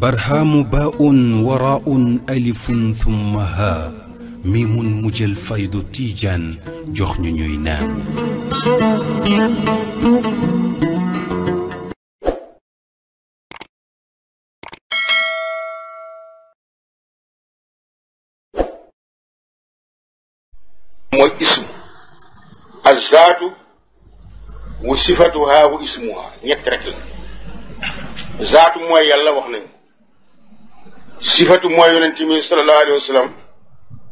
برهام باء وراء ألف ثم ها ميم مجل فيض تيجان جخن نينام واسم الذات وصفتها واسمها نيت رك ذات موي يالا صفه مو صلى الله عليه وسلم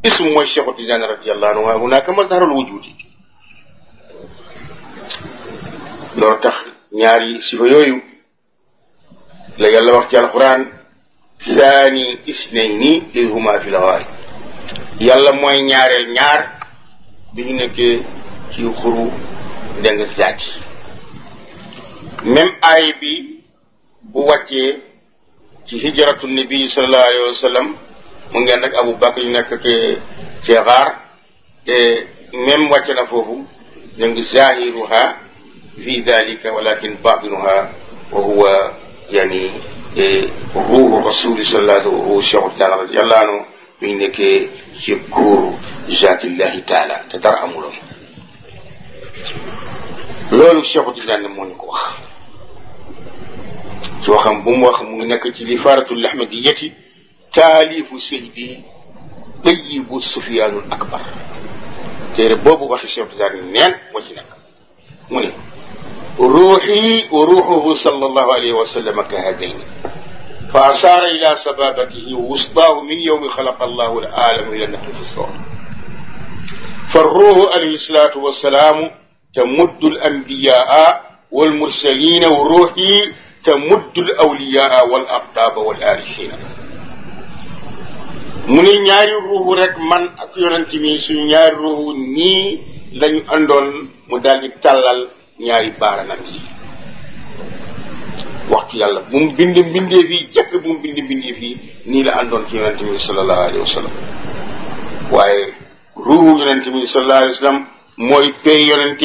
اسم مو الشيخ التجاني رضي الله عنه هناك مظهر الوجود لور تخ نياري صفه يويو لا يلا وقت القران ثاني اثنين اذ هما في الغار يلا موي نيارل نيار بي نيكي تي خرو دنگ زاتي ميم اي بي بو واتيه ci hijratu nabi sallallahu alayhi wasallam sallam mu ngeen nak abou bakri nek ke ci xaar te même wacce na fofu ñu ngi zahiruha fi dhalika walakin batinuha wa huwa yani ruhu rasul sallallahu alayhi wasallam taala yàlla anu mi ngi ci ci jati allah taala te dara amuloon lolou cheikhu tidiane mo ñu ko wax ci waxam bu mu wax mu ngi nekk ci li faratu lahmadiyati taalifu seydi tayibu sufiyaanul akbar téere boobu waxi cheikh tidaani neen moo ci nekk mu ne ruuxi wa ruuxuhu sal allahu alayhi wa sallam ka hadayni fa asaara ila sababatihi wusdaahu min yowmi xalaqa allahu al alam ila naxfi soor فالروح عليه الصلاة والسلام تمد الأنبياء والمرسلين وروحي te muddul awliyaa wal aqtaaba wal aarisiina mu ne ñaari ruuxu rek man ak yonent mi suñu ñaari ruuxu nii lañu àndoon mu daldi tàllal ñaari baaranam yi waxtu yàlla bu mu bind mbindee fii jëkk bu mu bind mbindee fii nii la àndoon ci yonent mi sallallahu alayhi wa sallam waaye ruuxu yonent mi sallallahu alayhi wa sallam mooy pay yonent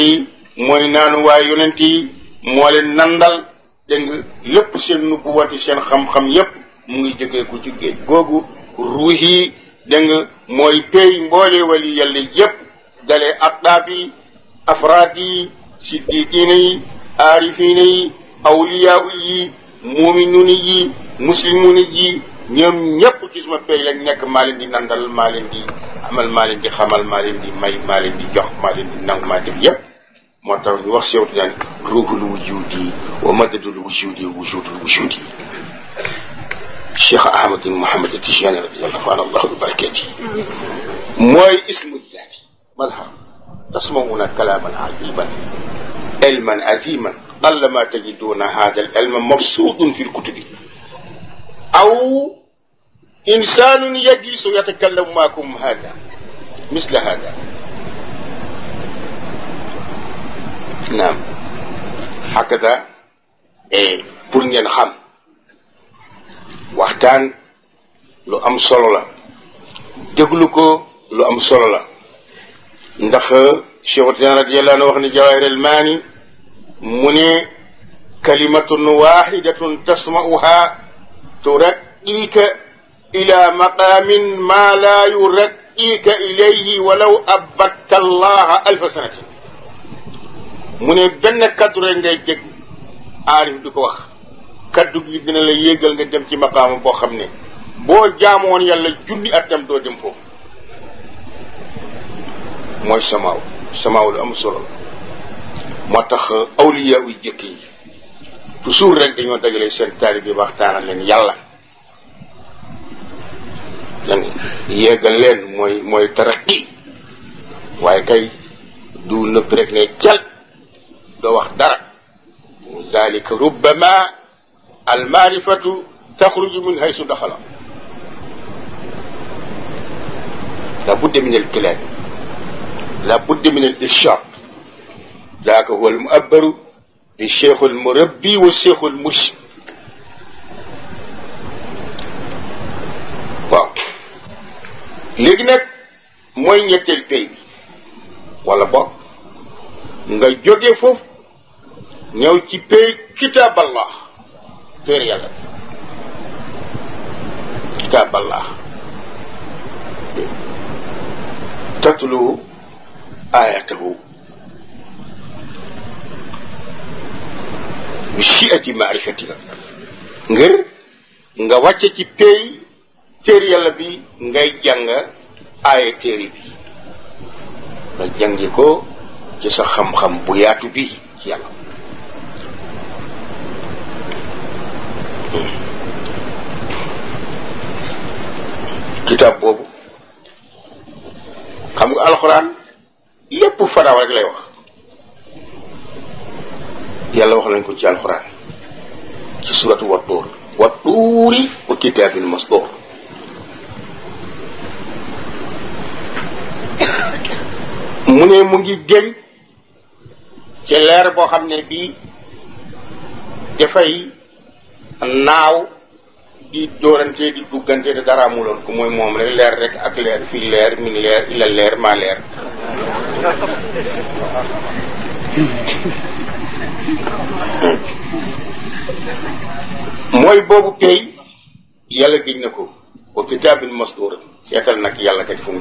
mooy naanuwaay yonent yi moo leen nandal dégg lépp seen nubbuwati seen xam-xam yépp mu ngi jógee ko ci googu ruux yi dégg nga mooy peey mboole wali yàlla yépp dalee aqdaab yi afraad yi siddiqiina yi aarifiina yi awliyaa yi muuminuuni yi muslimuuni yi ñoom ñépp ci suma peey lañ nekk maa leen di nandal maa leen di di xamal maa leen di may maa leen jox maa leen nangu maa def yépp moo tax ñu wax si yow daal ruuhul wujudi wa madadul wujudi wujudul wujudi cheikh ahmad bin mohamad tijani radiallahu an allahu bi barakati mooy ismu zaati malham tasmauna kalaman ajiban علما عظيما قلما تجدون هذا العلم مبسوط kutubi الكتب insanun إنسان يجلس يتكلم معكم هذا مثل هذا نعم هكذا ايه بور نين خام وقتان لو ام صولو لا دغلو كو لو ام صولو لا نده شيخ الدين رضي الله عنه وخني جواهر الماني مني كلمه واحده تسمعها ترقيك الى مقام ما لا يرقيك اليه ولو ابدت الله الف سنه mu ne benn kaddu rek ngay jégg aarif du ko wax kaddu gi dina la yéegal nga dem ci maqaama boo xam ne boo jaamoon yàlla junni atam doo dem foofu mooy samaaw samaaw lu am solo moo tax awliya yu jëkk yi toujours rek dañoo dajale seen taali bi waxtaanal leen yàlla lan yéegal leen mooy mooy taraqi waaye kay du nëpp rek ne cal دوخ دار ذلك ربما المعرفة تخرج من حيث دخل لابد من الكلام لابد من الإشارة ذاك هو المؤبر بالشيخ المربي والشيخ المشرف طيب. لجنك موين يتلقي ولا بق نجا جوجي فوف ñëw ci pay kitaaballah téere yàlla bi kitaaballah tatlu ayatahu bi siati maarifatika ngir nga wàcce ci pay téere yàlla bi ngay jàng aaya téere bi nga jàngi ko ci sa xam-xam bu yaatu bi ci yàlla kitab bobu xam nga alquran yépp faraw rek lay wax yàlla wax nañ ko ci alquran ci suratu wattuur wattuuri wa kitabin masdur mu ne mu ngi géñ ci leer boo xam ne bii dafay naaw di dóorante di duggante dara amuloon ko mooy moom rek leer rek ak leer fii leer min leer illa leer maa leer mooy boobu tey yàlla géñ na ko wa kitaabin mastuur seetal nag yàlla kat fu